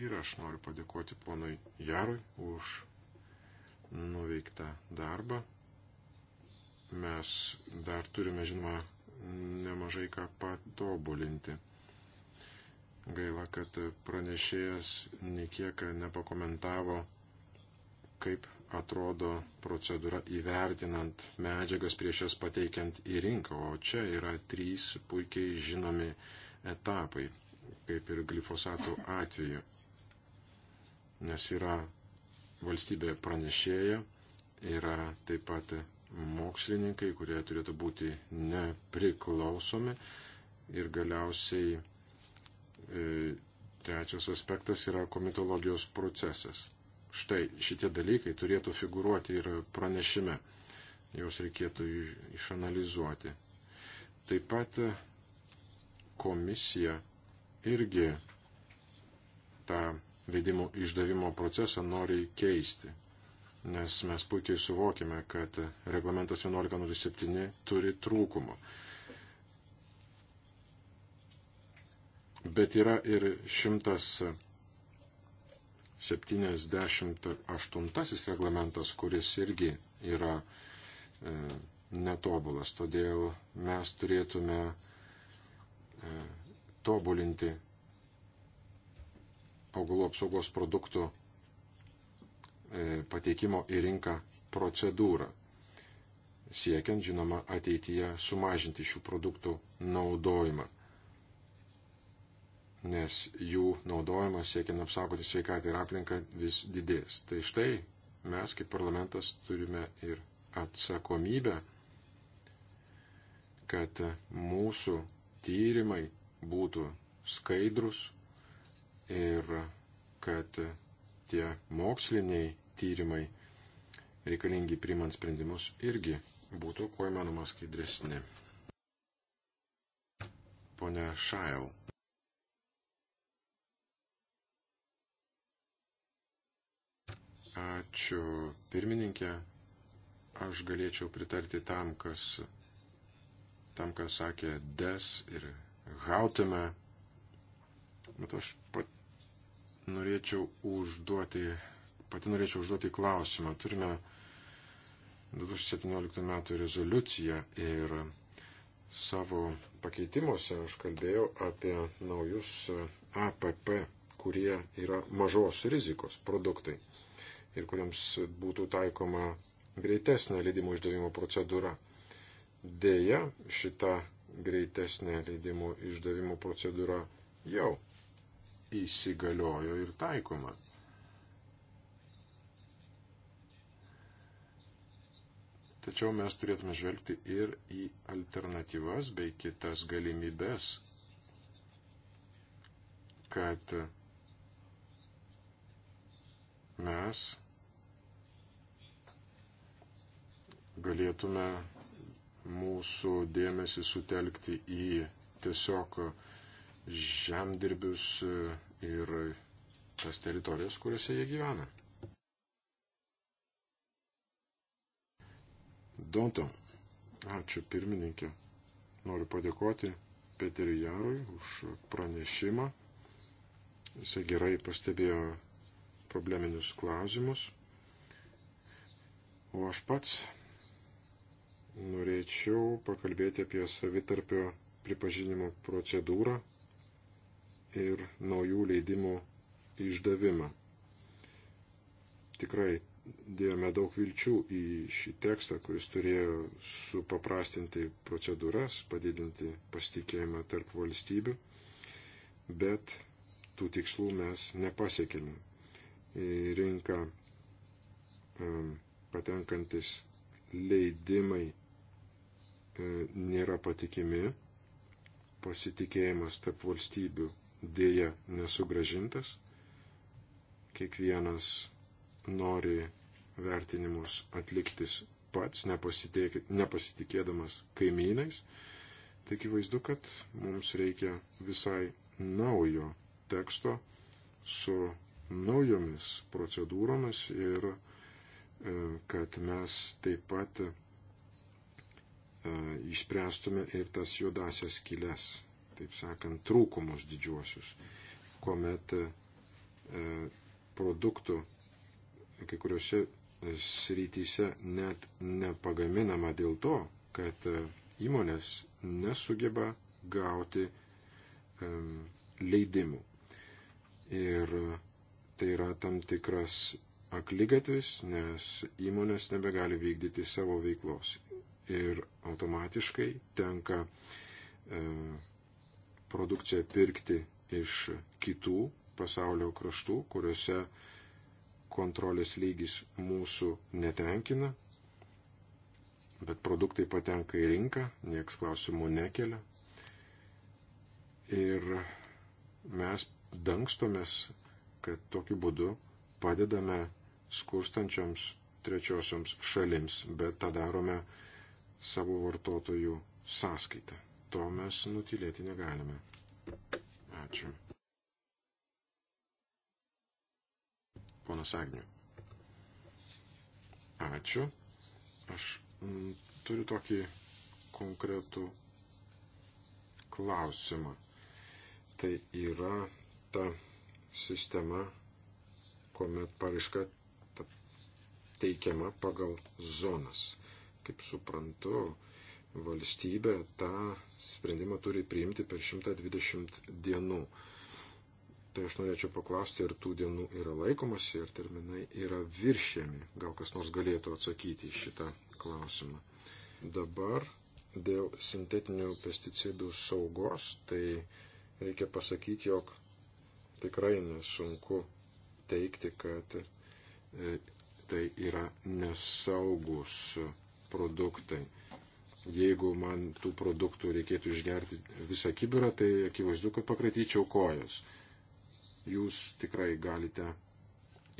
ir aš noriu padėkoti ponui Jarui už nuveiktą darbą. Mes dar turime, žinoma, nemažai ką patobulinti. Gaila, kad pranešėjas niekiek nepakomentavo kaip atrodo procedūra įvertinant medžiagas prieš jas pateikiant į rinką, o čia yra trys puikiai žinomi etapai, kaip ir glifosato atveju. Nes yra valstybė pranešėja, yra taip pat mokslininkai, kurie turėtų būti nepriklausomi ir galiausiai e, trečias aspektas yra komitologijos procesas štai šitie dalykai turėtų figuruoti ir pranešime. Jos reikėtų išanalizuoti. Taip pat e, komisija irgi tą leidimų išdavimo procesą nori keisti, nes mes puikiai suvokime, kad reglamentas 1107 turi trūkumų. Bet yra ir 100 78 reglamentas, kuris irgi yra e, netobulas. Todėl mes turėtume e, tobulinti augalų apsaugos produktų e, pateikimo į rinką procedūrą, siekiant, žinoma, ateityje sumažinti šių produktų naudojimą nes jų naudojimas siekiant apsaugoti sveikatą ir aplinką vis didės. Tai štai mes kaip parlamentas turime ir atsakomybę, kad mūsų tyrimai būtų skaidrus ir kad tie moksliniai tyrimai reikalingi primant sprendimus irgi būtų kuo įmanoma skaidresni. Pone Šail. Ačiū pirmininkė. Aš galėčiau pritarti tam, kas, tam, kas sakė Des ir Gautame. Bet aš pat norėčiau užduoti, pati norėčiau užduoti klausimą. Turime 2017 metų rezoliuciją ir savo pakeitimuose aš kalbėjau apie naujus APP, kurie yra mažos rizikos produktai ir kuriems būtų taikoma greitesnė leidimo išdavimo procedūra. Deja, šita greitesnė leidimo išdavimo procedūra jau įsigaliojo ir taikoma. Tačiau mes turėtume žvelgti ir į alternatyvas bei kitas galimybės, kad mes galėtume mūsų dėmesį sutelkti į tiesiog žemdirbius ir tas teritorijas, kuriuose jie gyvena. Danton. Ačiū pirmininkė. Noriu padėkoti Peteriu Jarui už pranešimą. Jisai gerai pastebėjo probleminius klausimus. O aš pats norėčiau pakalbėti apie savitarpio pripažinimo procedūrą ir naujų leidimų išdavimą. Tikrai dėjome daug vilčių į šį tekstą, kuris turėjo supaprastinti procedūras, padidinti pasitikėjimą tarp valstybių, bet tų tikslų mes nepasiekėme. Į rinką patenkantis leidimai E, nėra patikimi, pasitikėjimas tarp valstybių dėja nesugražintas, kiekvienas nori vertinimus atliktis pats, nepasitikėdamas kaimynais, tai akivaizdu, kad mums reikia visai naujo teksto su naujomis procedūromis ir e, kad mes taip pat E, išspręstume ir tas juodasias skylės, taip sakant, trūkumus didžiuosius, kuomet e, produktų kai kuriuose e, srityse net nepagaminama dėl to, kad įmonės nesugeba gauti leidimų. Ir tai yra tam tikras aklygatvis, nes įmonės nebegali vykdyti savo veiklos ir automatiškai tenka e, produkciją pirkti iš kitų pasaulio kraštų, kuriuose kontrolės lygis mūsų netenkina, bet produktai patenka į rinką, nieks klausimų nekelia. Ir mes dangstomės, kad tokiu būdu padedame skurstančioms trečiosioms šalims, bet tą darome savo vartotojų sąskaitą. To mes nutilėti negalime. Ačiū. Ponas Agniu. Ačiū. Aš m, turiu tokį konkretų klausimą. Tai yra ta sistema, kuomet paraiška teikiama pagal zonas kaip suprantu, valstybė tą sprendimą turi priimti per 120 dienų. Tai aš norėčiau paklausti, ar tų dienų yra laikomasi, ar terminai yra viršėmi. Gal kas nors galėtų atsakyti į šitą klausimą. Dabar dėl sintetinių pesticidų saugos, tai reikia pasakyti, jog tikrai nesunku teikti, kad e, tai yra nesaugus produktai. Jeigu man tų produktų reikėtų išgerti visą kiberą, tai akivaizdu, kad pakratyčiau kojas. Jūs tikrai galite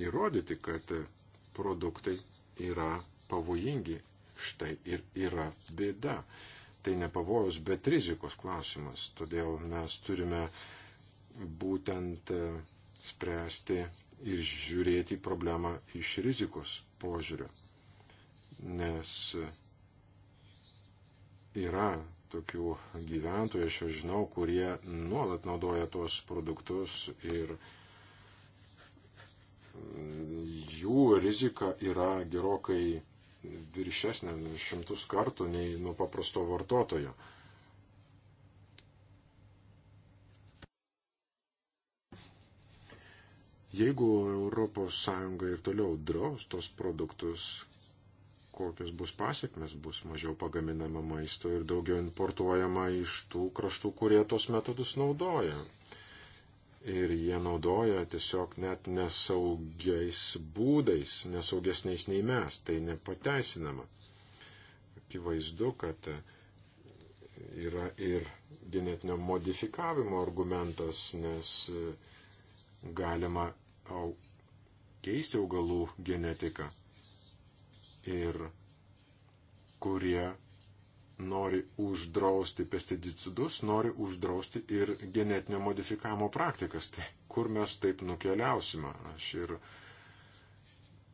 įrodyti, kad produktai yra pavojingi. Štai ir yra bėda. Tai ne pavojus, bet rizikos klausimas. Todėl mes turime būtent e, spręsti ir žiūrėti problemą iš rizikos požiūrio nes yra tokių gyventojų, aš jau žinau, kurie nuolat naudoja tuos produktus ir jų rizika yra gerokai viršesnė šimtus kartų nei nuo paprasto vartotojo. Jeigu ES ir toliau draus tos produktus, kokios bus pasiekmes, bus mažiau pagaminama maisto ir daugiau importuojama iš tų kraštų, kurie tos metodus naudoja. Ir jie naudoja tiesiog net nesaugiais būdais, nesaugesniais nei mes. Tai nepateisinama. Akivaizdu, kad yra ir genetinio modifikavimo argumentas, nes galima keisti augalų genetiką ir kurie nori uždrausti pesticidus, nori uždrausti ir genetinio modifikavimo praktikas. Tai kur mes taip nukeliausime? Aš ir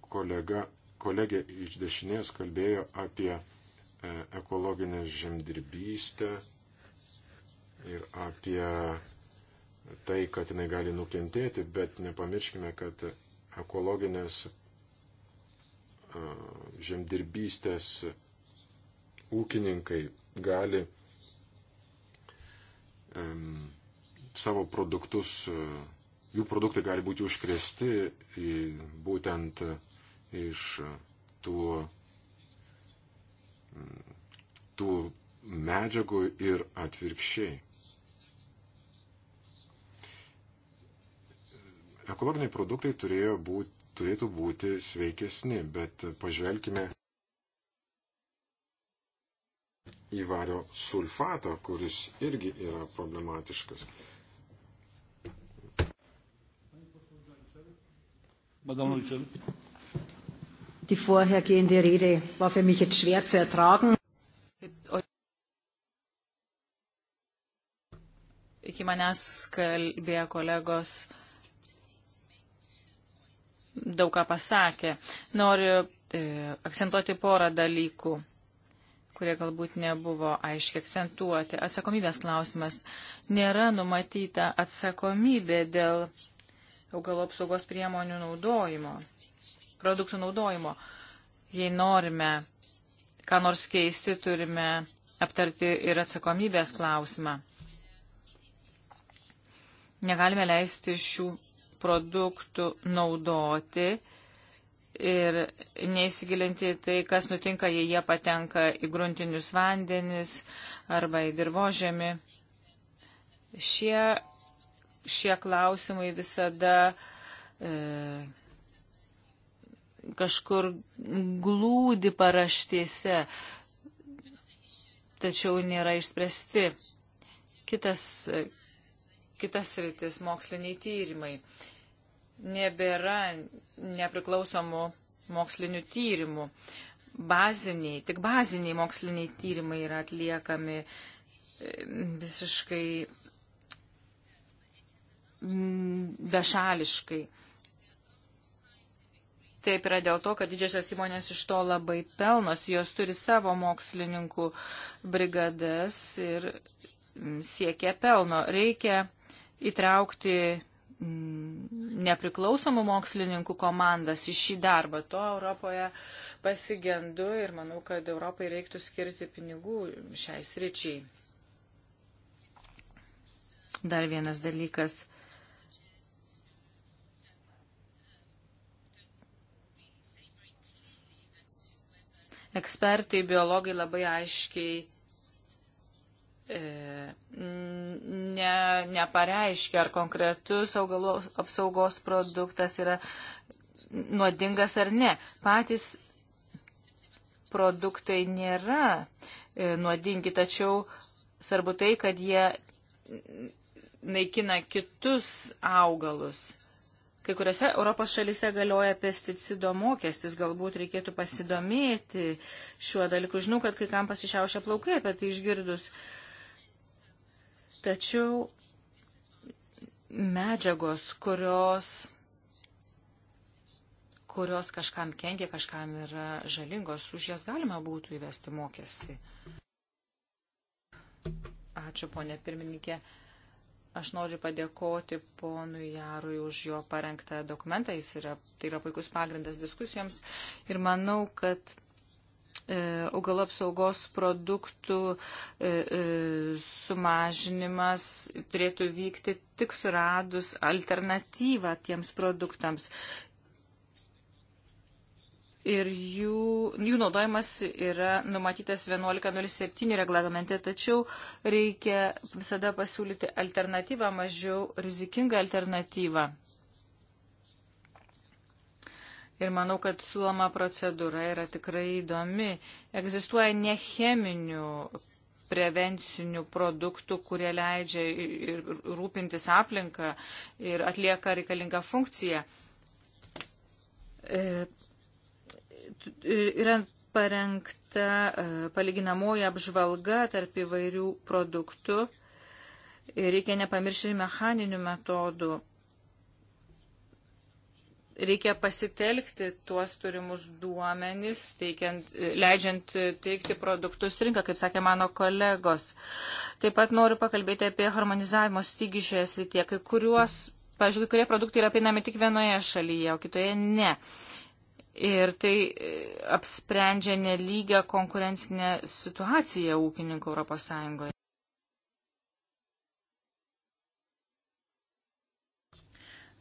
kolega, kolegė iš dešinės kalbėjo apie e, ekologinę žemdirbystę ir apie tai, kad jinai gali nukentėti, bet nepamirškime, kad ekologinės žemdirbystės ūkininkai gali savo produktus, jų produktai gali būti užkrėsti būtent iš tų, tų medžiagų ir atvirkščiai. Ekologiniai produktai turėjo būti turėtų būti sveikesni, bet pažvelkime į vario sulfatą, kuris irgi yra problematiškas. Madame Lutschel. Die vorhergehende Rede war für mich jetzt schwer zu ertragen. Iki manęs kalbėjo kolegos daug ką pasakė. Noriu e, akcentuoti porą dalykų, kurie galbūt nebuvo aiškiai akcentuoti. Atsakomybės klausimas. Nėra numatyta atsakomybė dėl augalo apsaugos priemonių naudojimo, produktų naudojimo. Jei norime ką nors keisti, turime aptarti ir atsakomybės klausimą. Negalime leisti šių produktų naudoti ir neįsigilinti tai, kas nutinka, jei jie patenka į gruntinius vandenis arba į dirbožėmį. Šie, šie klausimai visada e, kažkur glūdi paraštėse, tačiau nėra išspręsti. Kitas kitas rytis - moksliniai tyrimai. Nebėra nepriklausomų mokslinių tyrimų. Baziniai, tik baziniai moksliniai tyrimai yra atliekami e, visiškai mm, bešališkai. Taip yra dėl to, kad didžiosios įmonės iš to labai pelnos, jos turi savo mokslininkų brigadas ir mm, siekia pelno. Reikia įtraukti mm, nepriklausomų mokslininkų komandas į šį darbą. To Europoje pasigendu ir manau, kad Europai reiktų skirti pinigų šiai sričiai. Dar vienas dalykas. Ekspertai, biologai labai aiškiai E, ne, nepareiškia, ar konkretus augalų apsaugos produktas yra nuodingas ar ne. Patys produktai nėra e, nuodingi, tačiau svarbu tai, kad jie naikina kitus augalus. Kai kuriuose Europos šalyse galioja pesticido mokestis, galbūt reikėtų pasidomėti šiuo dalyku. Žinau, kad kai kam pasišiaušia plaukai apie tai išgirdus. Uh, Tačiau medžiagos, kurios kurios kažkam kenkia, kažkam yra žalingos, už jas galima būtų įvesti mokestį. Ačiū, ponė pirmininkė. Aš noriu padėkoti ponui Jarui už jo parengtą dokumentą. Jis yra, tai yra puikus pagrindas diskusijoms. Ir manau, kad E, augalų apsaugos produktų e, e, sumažinimas turėtų vykti tik suradus alternatyvą tiems produktams. Ir jų, jų naudojimas yra numatytas 11.07 reglamente, tačiau reikia visada pasiūlyti alternatyvą, mažiau rizikingą alternatyvą ir manau, kad siūloma procedūra yra tikrai įdomi. Egzistuoja necheminių prevencinių produktų, kurie leidžia ir rūpintis aplinką ir atlieka reikalingą funkciją. E, e, yra parengta e, palyginamoji apžvalga tarp įvairių produktų ir reikia nepamiršti mechaninių metodų reikia pasitelkti tuos turimus duomenys, teikiant, leidžiant teikti produktus rinką, kaip sakė mano kolegos. Taip pat noriu pakalbėti apie harmonizavimo stygį šioje srityje, kai kuriuos, pažiūrėjau, kurie produktai yra apinami tik vienoje šalyje, o kitoje ne. Ir tai e, apsprendžia nelygę konkurencinę situaciją ūkininkų ES.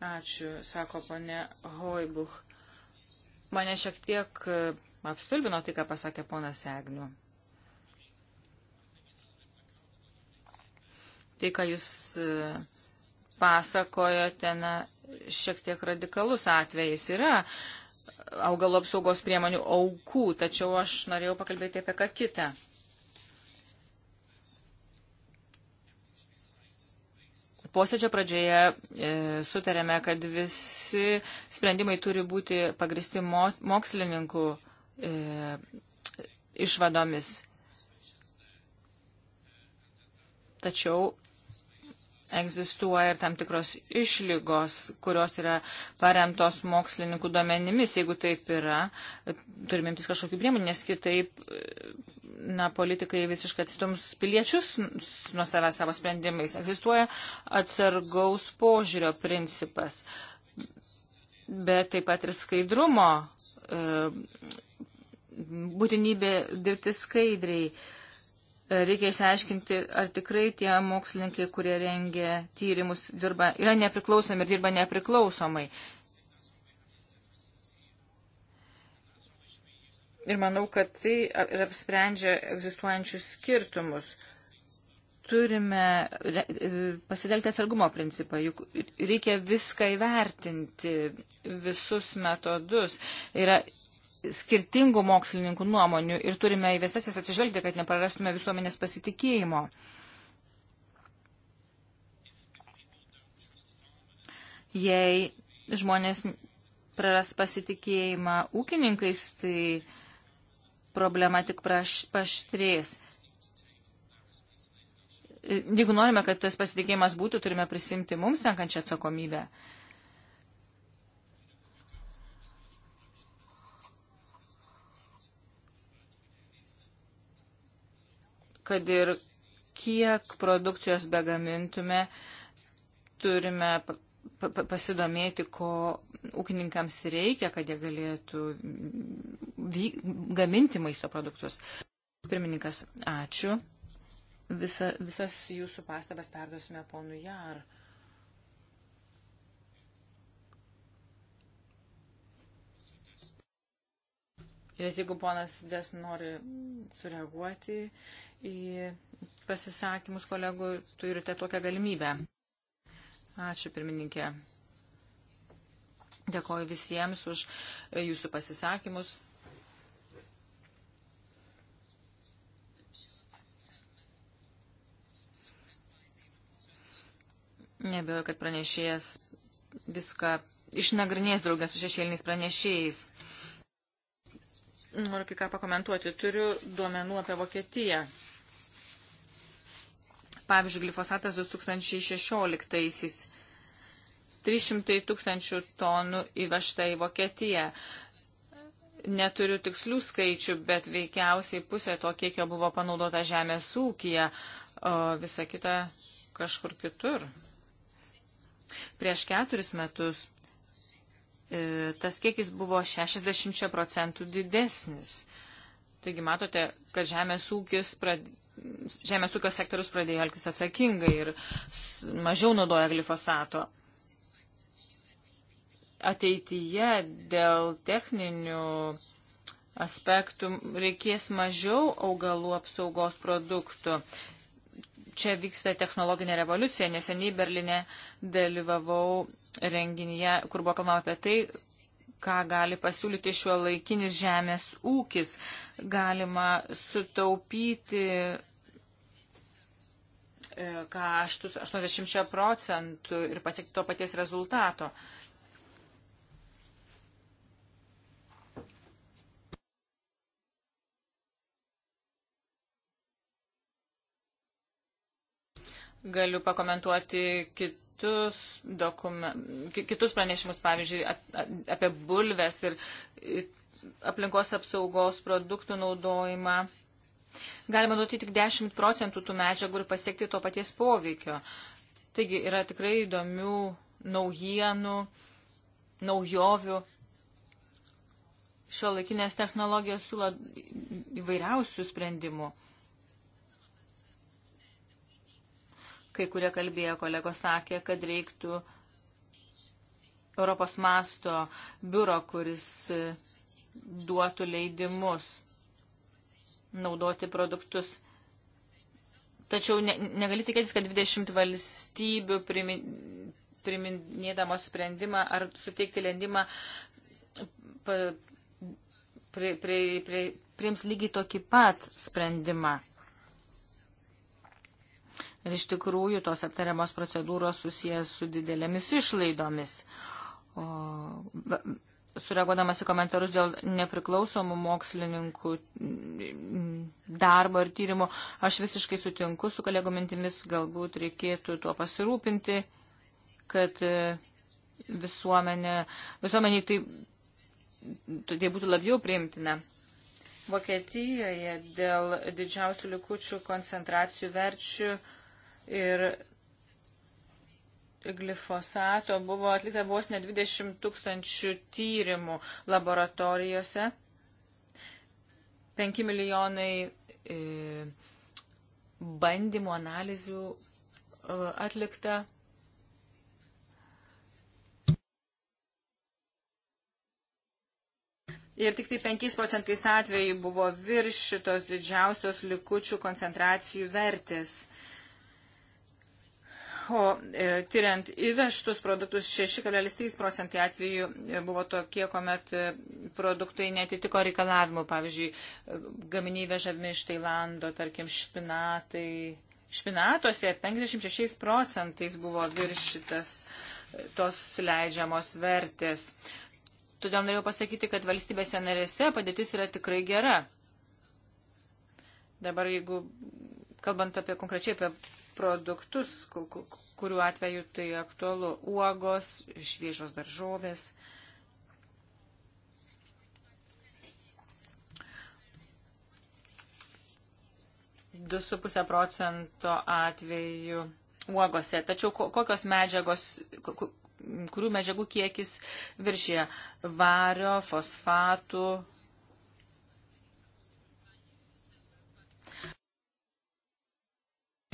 Ačiū, sako ponė Hoibuch. Mane šiek tiek e, apstulbino tai, ką pasakė ponas Egniu. Tai, ką jūs e, pasakojote, na, šiek tiek radikalus atvejis yra augalų apsaugos priemonių aukų, tačiau aš norėjau pakalbėti apie ką kitą. posėdžio pradžioje e, sutarėme, kad visi sprendimai turi būti pagristi mo, mokslininkų e, išvadomis. Tačiau egzistuoja ir tam tikros išlygos, kurios yra paremtos mokslininkų duomenimis. Jeigu taip yra, turimimtis kažkokių priemonių, nes kitaip na, politikai visiškai atstums piliečius nuo savęs savo sprendimais. Egzistuoja atsargaus požiūrio principas, bet taip pat ir skaidrumo e, būtinybė dirbti skaidriai. E, reikia išsiaiškinti, ar tikrai tie mokslininkai, kurie rengia tyrimus, dirba, yra nepriklausomi ir dirba nepriklausomai. Ir manau, kad tai ir apsprendžia egzistuojančius skirtumus. Turime e, pasidelti atsargumo principą, juk reikia viską įvertinti, visus metodus. Yra skirtingų mokslininkų nuomonių ir turime į visas jas atsižvelgti, kad neprarastume visuomenės pasitikėjimo. Jei žmonės praras pasitikėjimą ūkininkais, tai problema tik praš, paštrės. Jeigu norime, kad tas pasitikėjimas būtų, turime prisimti mums tenkančią atsakomybę. Kad ir kiek produkcijos begamintume, turime pasidomėti, ko ūkininkams reikia, kad jie galėtų gaminti maisto produktus. Pirmininkas, ačiū. Visa, visas jūsų pastabas perduosime ponui Jar. Ir jeigu ponas Des nori sureaguoti į pasisakymus kolegų, turite tokią galimybę. Ačiū, pirmininkė. Dėkoju visiems už e, jūsų pasisakymus. Nebejoju, kad pranešėjas viską išnagrinės draugės su šešėliniais pranešėjais. Noriu kai ką pakomentuoti. Turiu duomenų apie Vokietiją. Pavyzdžiui, glifosatas 2016-aisiais 300 tūkstančių tonų įvežta į Vokietiją. Neturiu tikslių skaičių, bet veikiausiai pusė to kiekio buvo panaudota žemės ūkija, o visa kita kažkur kitur. Prieš keturis metus e, tas kiekis buvo 60 procentų didesnis. Taigi matote, kad žemės ūkis žemės ūkio sektorius pradėjo elgtis atsakingai ir mažiau naudoja glifosato. Ateityje dėl techninių aspektų reikės mažiau augalų apsaugos produktų. Čia vyksta technologinė revoliucija. Neseniai Berlinė dalyvavau renginyje, kur buvo kalbama apie tai, ką gali pasiūlyti šio laikinis žemės ūkis. Galima sutaupyti e, kaštus 80 procentų ir pasiekti to paties rezultato. Galiu pakomentuoti kit, kitus, dokumen, kitus pranešimus, pavyzdžiui, apie bulves ir aplinkos apsaugos produktų naudojimą. Galima duoti tik 10 procentų tų medžiagų ir pasiekti to paties poveikio. Taigi yra tikrai įdomių naujienų, naujovių. Šio laikinės technologijos siūlo įvairiausių sprendimų. kai kurie kalbėjo kolegos sakė, kad reiktų Europos masto biuro, kuris duotų leidimus naudoti produktus. Tačiau ne, negali tikėtis, kad 20 valstybių primin, priminėdamos sprendimą ar suteikti lendimą pri, pri, pri, priims lygiai tokį pat sprendimą. Ir iš tikrųjų tos aptariamos procedūros susijęs su didelėmis išlaidomis. O, sureaguodamas į komentarus dėl nepriklausomų mokslininkų darbo ir tyrimo, aš visiškai sutinku su kolegų mintimis, galbūt reikėtų tuo pasirūpinti, kad e, visuomenė, visuomeniai tai, tai būtų labiau priimtina. Vokietijoje dėl didžiausių likučių koncentracijų verčių ir glifosato buvo atlikta vos ne 20 tūkstančių tyrimų laboratorijose. 5 milijonai e, bandymų analizių e, atlikta. Ir tik tai 5 procentais atvejai buvo virš šitos didžiausios likučių koncentracijų vertės. E, ECHO e, tyriant įvežtus produktus 6,3 procentai atvejų e, buvo tokie, kuomet e, produktai netitiko reikalavimų. Pavyzdžiui, gaminiai vežami iš Tailando, tarkim, špinatai. Špinatose 56 procentais buvo viršytas tos leidžiamos vertės. Todėl norėjau pasakyti, kad valstybėse narėse padėtis yra tikrai gera. Dabar, jeigu kalbant apie konkrečiai apie produktus, kurių atveju tai aktualu - uogos, šviežios daržovės. Du su pusė procento atveju uogose. Tačiau kokios medžiagos, kurių medžiagų kiekis viršė vario, fosfatų,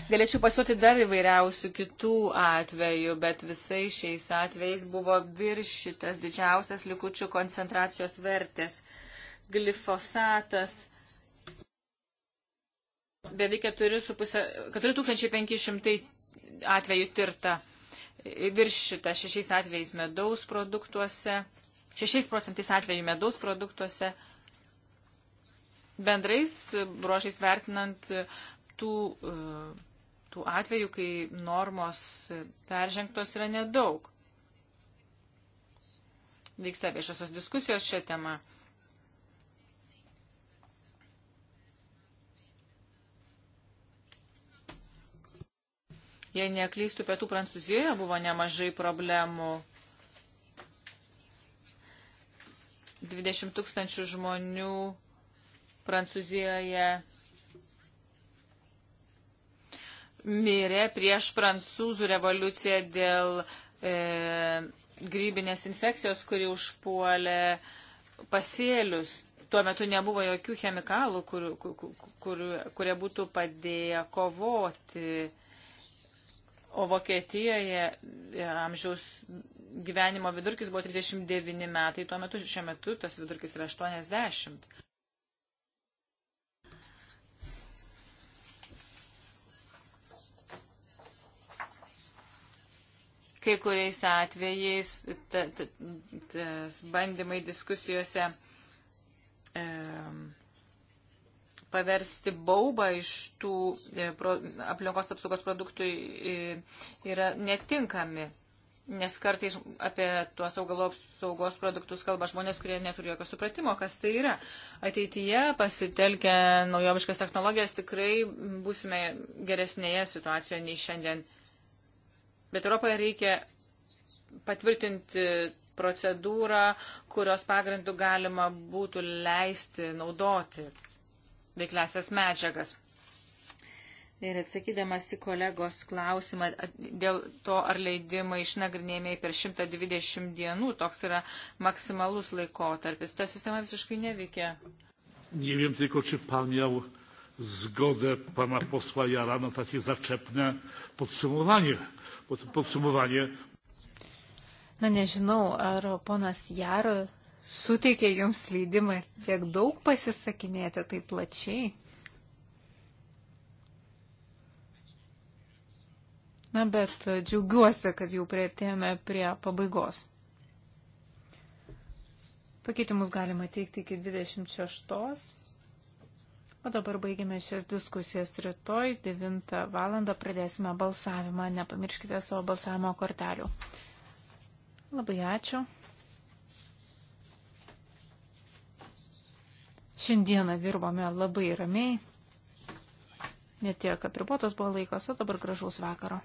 Galėčiau pasiūlyti dar įvairiausių kitų atvejų, bet visai šiais atvejais buvo viršytas didžiausias likučių koncentracijos vertės. Glifosatas beveik 4500 atvejų tirta viršita šešiais atvejais medaus produktuose, šešiais procentais atvejų medaus produktuose. Bendrais brožiais vertinant tų uh, tų atvejų, kai normos peržengtos yra nedaug. Vyksta viešosios diskusijos šią temą. Jei neklystų, pietų Prancūzijoje buvo nemažai problemų. 20 tūkstančių žmonių Prancūzijoje mirė prieš prancūzų revoliuciją dėl e, grybinės infekcijos, kuri užpuolė pasėlius. Tuo metu nebuvo jokių chemikalų, kur, kur, kur, kurie būtų padėję kovoti. O Vokietijoje e, amžiaus gyvenimo vidurkis buvo 39 metai, tuo metu šiuo metu tas vidurkis yra 80. Kai kuriais atvejais ta, ta, tas bandymai diskusijose e, paversti baubą iš tų e, pro, aplinkos apsaugos produktų e, yra netinkami. Nes kartais apie tuos augalo apsaugos produktus kalba žmonės, kurie neturi jokio supratimo, kas tai yra. Ateityje pasitelkę naujoviškas technologijas tikrai būsime geresnėje situacijoje nei šiandien. Bet Europoje reikia patvirtinti procedūrą, kurios pagrindų galima būtų leisti naudoti veiklesias medžiagas. Ir atsakydamas į kolegos klausimą dėl to, ar leidimai išnagrinėjami per 120 dienų, toks yra maksimalus laikotarpis. Ta sistema visiškai neveikia. Ne vien tai, ko čia pan jau zgodę pana posła Jara na takie zaczepne podsumowanie, bo to podsumowanie. Na nežinau, ar ponas Jar suteikė jums leidimą tiek daug pasisakinėti taip plačiai. Na, bet džiaugiuosi, kad jau prieartėjome prie pabaigos. Pakeitimus galima teikti iki 26 O dabar baigime šias diskusijas rytoj 9 val. pradėsime balsavimą. Nepamirškite savo balsavimo kortelių. Labai ačiū. Šiandieną dirbome labai ramiai. Netiek apribotas buvo laikas, o dabar gražaus vakaro.